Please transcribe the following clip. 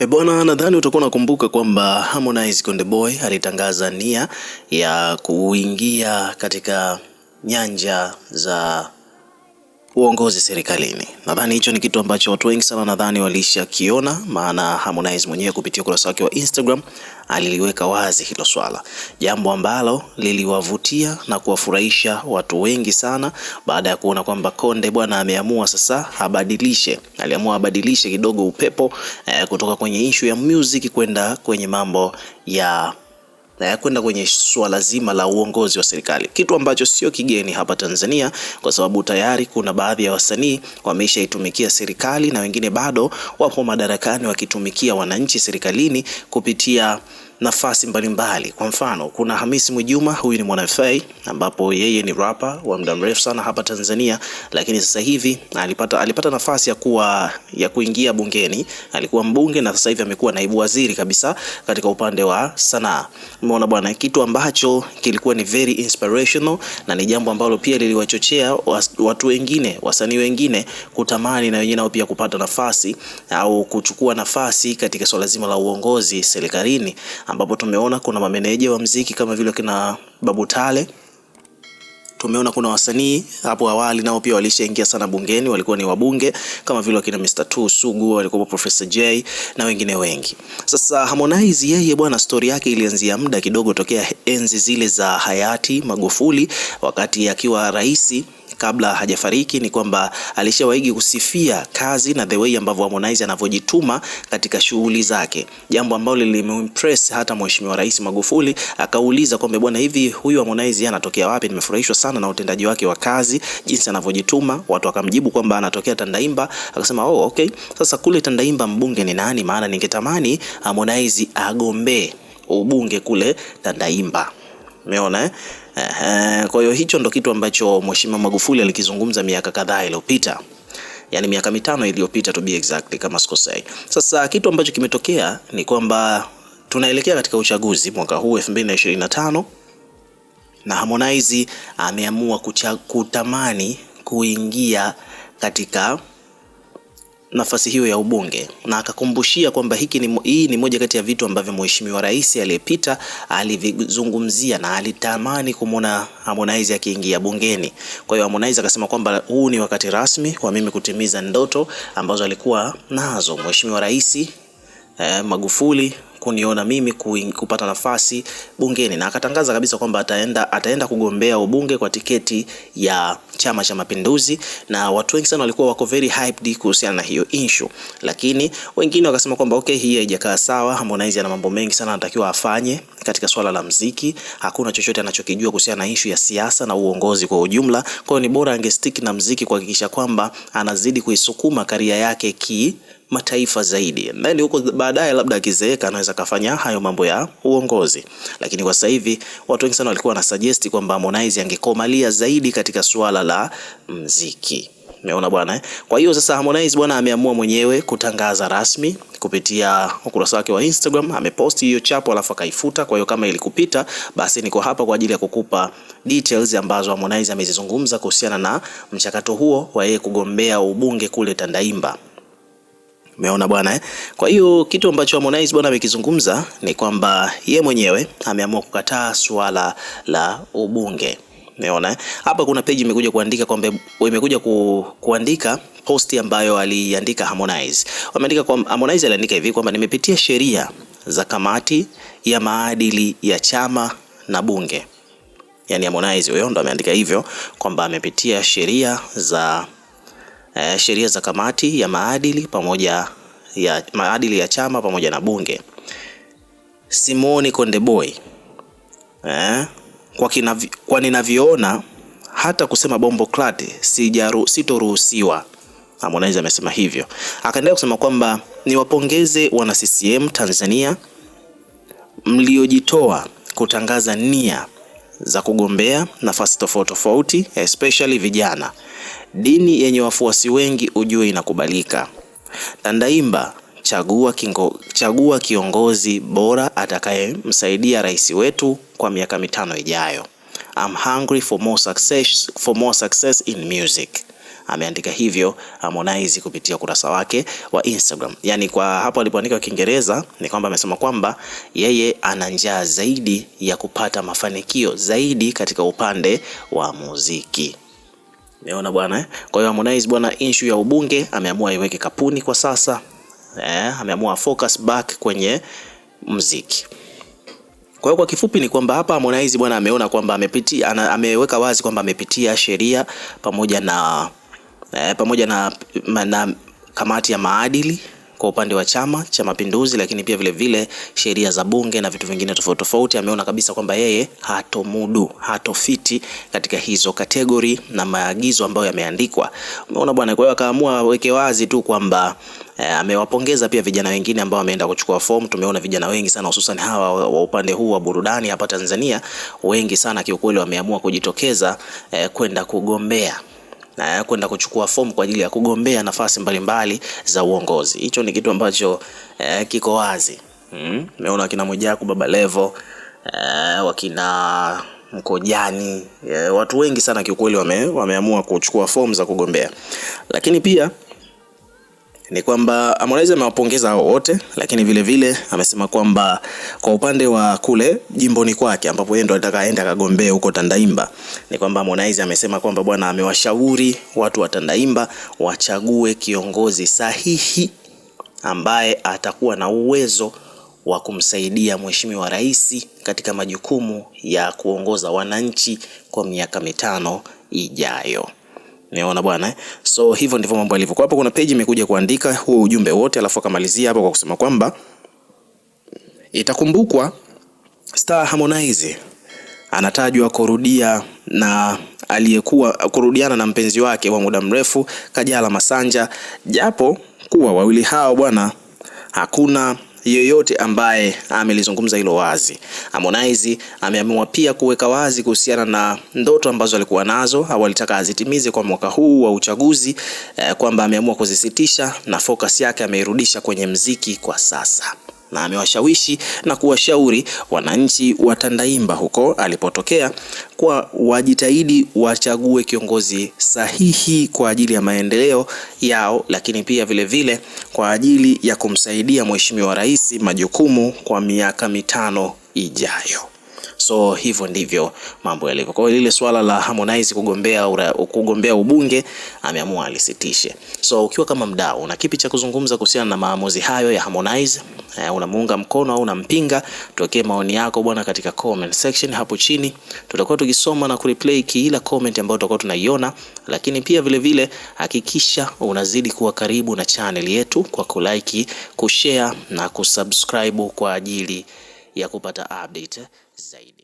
E bwana, nadhani utakuwa unakumbuka kwamba Harmonize Konde Boy alitangaza nia ya kuingia katika nyanja za uongozi serikalini. Nadhani hicho ni kitu ambacho watu wengi sana nadhani walishakiona, maana Harmonize mwenyewe kupitia ukurasa wake wa Instagram aliliweka wazi hilo swala, jambo ambalo liliwavutia na kuwafurahisha watu wengi sana, baada ya kuona kwamba Konde bwana ameamua sasa abadilishe, aliamua abadilishe kidogo upepo eh, kutoka kwenye ishu ya music kwenda kwenye mambo ya na ya kwenda kwenye suala zima la uongozi wa serikali, kitu ambacho sio kigeni hapa Tanzania, kwa sababu tayari kuna baadhi ya wasanii wameshaitumikia serikali na wengine bado wapo madarakani wakitumikia wananchi serikalini kupitia nafasi mbalimbali. Kwa mfano, kuna Hamisi Mwijuma, huyu ni mwana FA ambapo yeye ni rapper wa muda mrefu sana hapa Tanzania, lakini sasa hivi alipata, alipata nafasi ya kuwa ya kuingia bungeni. Alikuwa mbunge na sasa hivi amekuwa naibu waziri kabisa katika upande wa sanaa. Umeona bwana, kitu ambacho kilikuwa ni very inspirational na ni jambo ambalo pia liliwachochea watu wengine, wasanii wengine kutamani na wengine nao pia kupata nafasi au kuchukua nafasi katika swala zima la uongozi serikalini ambapo tumeona kuna mameneja wa mziki kama vile kina Babu Tale. Tumeona kuna wasanii hapo awali nao pia walishaingia sana bungeni, walikuwa ni wabunge kama vile wakina Mr. Tu Sugu, walikuwa Professor J na wengine wengi. Sasa Harmonize yeye bwana, stori yake ilianzia muda kidogo tokea enzi zile za hayati Magufuli wakati akiwa rais kabla hajafariki ni kwamba alishawahi kusifia kazi na the way ambavyo Harmonize anavyojituma katika shughuli zake, jambo ambalo lilimimpress hata Mheshimiwa Rais Magufuli. Akauliza kwamba bwana, hivi huyu Harmonize anatokea wapi? Nimefurahishwa sana na utendaji wake wa kazi, jinsi anavyojituma. Watu wakamjibu kwamba anatokea Tandaimba. Akasema oh, okay. Sasa kule Tandaimba mbunge ni nani? Maana ningetamani Harmonize agombee ubunge kule Tandaimba. Umeona eh? kwa hiyo hicho ndo kitu ambacho Mheshimiwa Magufuli alikizungumza miaka kadhaa iliyopita. yani miaka mitano iliyopita to be exact, kama sikosei. Sasa kitu ambacho kimetokea ni kwamba tunaelekea katika uchaguzi mwaka huu 2025 na Harmonize ameamua kutamani kuingia katika nafasi hiyo ya ubunge na akakumbushia kwamba hiki ni, hii ni moja kati ya vitu ambavyo mheshimiwa rais aliyepita alivizungumzia na alitamani kumwona Harmonize akiingia bungeni. Kwa hiyo Harmonize akasema kwamba huu ni wakati rasmi kwa mimi kutimiza ndoto ambazo alikuwa nazo mheshimiwa rais eh, Magufuli kuniona mimi kupata nafasi bungeni, na akatangaza kabisa kwamba ataenda, ataenda kugombea ubunge kwa tiketi ya Chama cha Mapinduzi, na watu wengi sana walikuwa wako very hyped kuhusiana na hiyo issue, lakini wengine wakasema kwamba okay, hii haijakaa sawa. Harmonize ana mambo mengi sana anatakiwa afanye katika swala la mziki, hakuna chochote anachokijua kuhusiana na issue ya siasa na uongozi kwa ujumla. Kwa hiyo ni bora angestick na mziki kuhakikisha kwamba anazidi kuisukuma karia yake ki mataifa zaidi. Meli huko baadaye, labda akizeeka, anaweza kafanya hayo mambo ya uongozi, lakini kwa sasa hivi watu wengi sana walikuwa wanasuggest kwamba Harmonize angekomalia zaidi katika suala la mziki. Umeona bwana eh? Kwa hiyo sasa Harmonize bwana ameamua mwenyewe kutangaza rasmi kupitia ukurasa wake wa Instagram, ameposti hiyo chapo alafu akaifuta. Kwa hiyo kama ilikupita basi, niko hapa kwa ajili ya kukupa details ambazo Harmonize amezizungumza kuhusiana na mchakato huo wa yeye kugombea ubunge kule Tandaimba. Umeona bwana eh? Kwa hiyo kitu ambacho Harmonize bwana amekizungumza ni kwamba ye mwenyewe ameamua kukataa swala la ubunge. Umeona eh? Hapa kuna page imekuja kuandika kwamba imekuja ku, kuandika posti ambayo aliandika Harmonize. Wameandika kwa Harmonize aliandika hivi kwamba nimepitia sheria za kamati ya maadili ya chama na bunge. Yaani Harmonize huyo ndo ameandika hivyo kwamba amepitia sheria za eh, sheria za kamati ya maadili pamoja ya maadili ya chama pamoja na bunge. Simoni Boy eh, kwa, kwa ninavyoona hata kusema bombo klati sijaru sitoruhusiwa. Harmonize amesema hivyo, akaendelea kusema kwamba niwapongeze wana CCM Tanzania mliojitoa kutangaza nia za kugombea nafasi tofauti tofauti especially vijana Dini yenye wafuasi wengi ujue inakubalika. Tandaimba, chagua, kingo, chagua kiongozi bora atakayemsaidia rais wetu kwa miaka mitano ijayo. I'm hungry for more success, for more success in music. Ameandika hivyo Harmonize kupitia ukurasa wake wa Instagram. Yaani kwa hapo alipoandika kwa Kiingereza ni kwamba amesema kwamba yeye ana njaa zaidi ya kupata mafanikio zaidi katika upande wa muziki. Umeona bwana eh? Kwa hiyo Harmonize bwana, issue ya ubunge ameamua iweke kapuni kwa sasa eh, ameamua focus back kwenye mziki. Kwa hiyo kwa kifupi ni kwamba hapa Harmonize bwana ameona kwamba amepitia, ameweka wazi kwamba amepitia sheria pamoja na eh, pamoja na, na kamati ya maadili kwa upande wa Chama cha Mapinduzi, lakini pia vile vile sheria za bunge na vitu vingine tofauti tofauti. Ameona kabisa kwamba yeye hatomudu, hatofiti katika hizo kategori na maagizo ambayo yameandikwa. Umeona bwana, kwa hiyo akaamua weke wazi tu kwamba eh, amewapongeza pia vijana wengine ambao wameenda kuchukua fomu. Tumeona vijana wengi sana hususan hawa wa upande huu wa burudani hapa Tanzania, wengi sana kiukweli wameamua kujitokeza eh, kwenda kugombea na kwenda kuchukua fomu kwa ajili ya kugombea nafasi mbalimbali za uongozi. Hicho ni kitu ambacho eh, kiko wazi. Hmm? Umeona hmm? Wakina Mwijaku, Baba Levo eh, wakina Mkojani eh, watu wengi sana kiukweli wame, wameamua kuchukua fomu za kugombea, lakini pia ni kwamba Harmonize amewapongeza hao wote, lakini vile vile amesema kwamba kwa upande wa kule jimboni kwake ambapo yeye ndo anataka aende akagombee huko Tandaimba, ni kwamba Harmonize amesema kwamba bwana, amewashauri watu wa Tandaimba wachague kiongozi sahihi ambaye atakuwa na uwezo wa kumsaidia Mheshimiwa Rais katika majukumu ya kuongoza wananchi kwa miaka mitano ijayo. Niona bwana eh? So hivyo ndivyo mambo yalivyo. Kwa hapo kuna page imekuja kuandika huo ujumbe wote, alafu akamalizia hapo kwa kusema kwamba itakumbukwa Star Harmonize anatajwa kurudia na aliyekuwa kurudiana na mpenzi wake wa muda mrefu Kajala Masanja, japo kuwa wawili hao bwana hakuna yoyote ambaye amelizungumza hilo wazi. Harmonize ameamua pia kuweka wazi kuhusiana na ndoto ambazo alikuwa nazo au alitaka azitimize kwa mwaka huu wa uchaguzi eh, kwamba ameamua kuzisitisha na focus yake ameirudisha kwenye mziki kwa sasa na amewashawishi na kuwashauri wananchi wa Tandaimba huko alipotokea kwa wajitahidi wachague kiongozi sahihi kwa ajili ya maendeleo yao, lakini pia vile vile kwa ajili ya kumsaidia Mheshimiwa Rais majukumu kwa miaka mitano ijayo. So hivyo ndivyo mambo yalivyo. Kwa hiyo lile swala la Harmonize kugombea ura, kugombea ubunge ameamua alisitishe. So ukiwa kama mdau una kipi cha kuzungumza kuhusiana na maamuzi hayo ya Harmonize? Eh, unamuunga mkono au unampinga? Tuwekee maoni yako bwana katika comment section hapo chini. Tutakuwa tukisoma na kureplay kila comment ambayo tutakuwa tunaiona, lakini pia vile vile hakikisha unazidi kuwa karibu na channel yetu kwa kulike, kushare na kusubscribe kwa ajili ya kupata update. say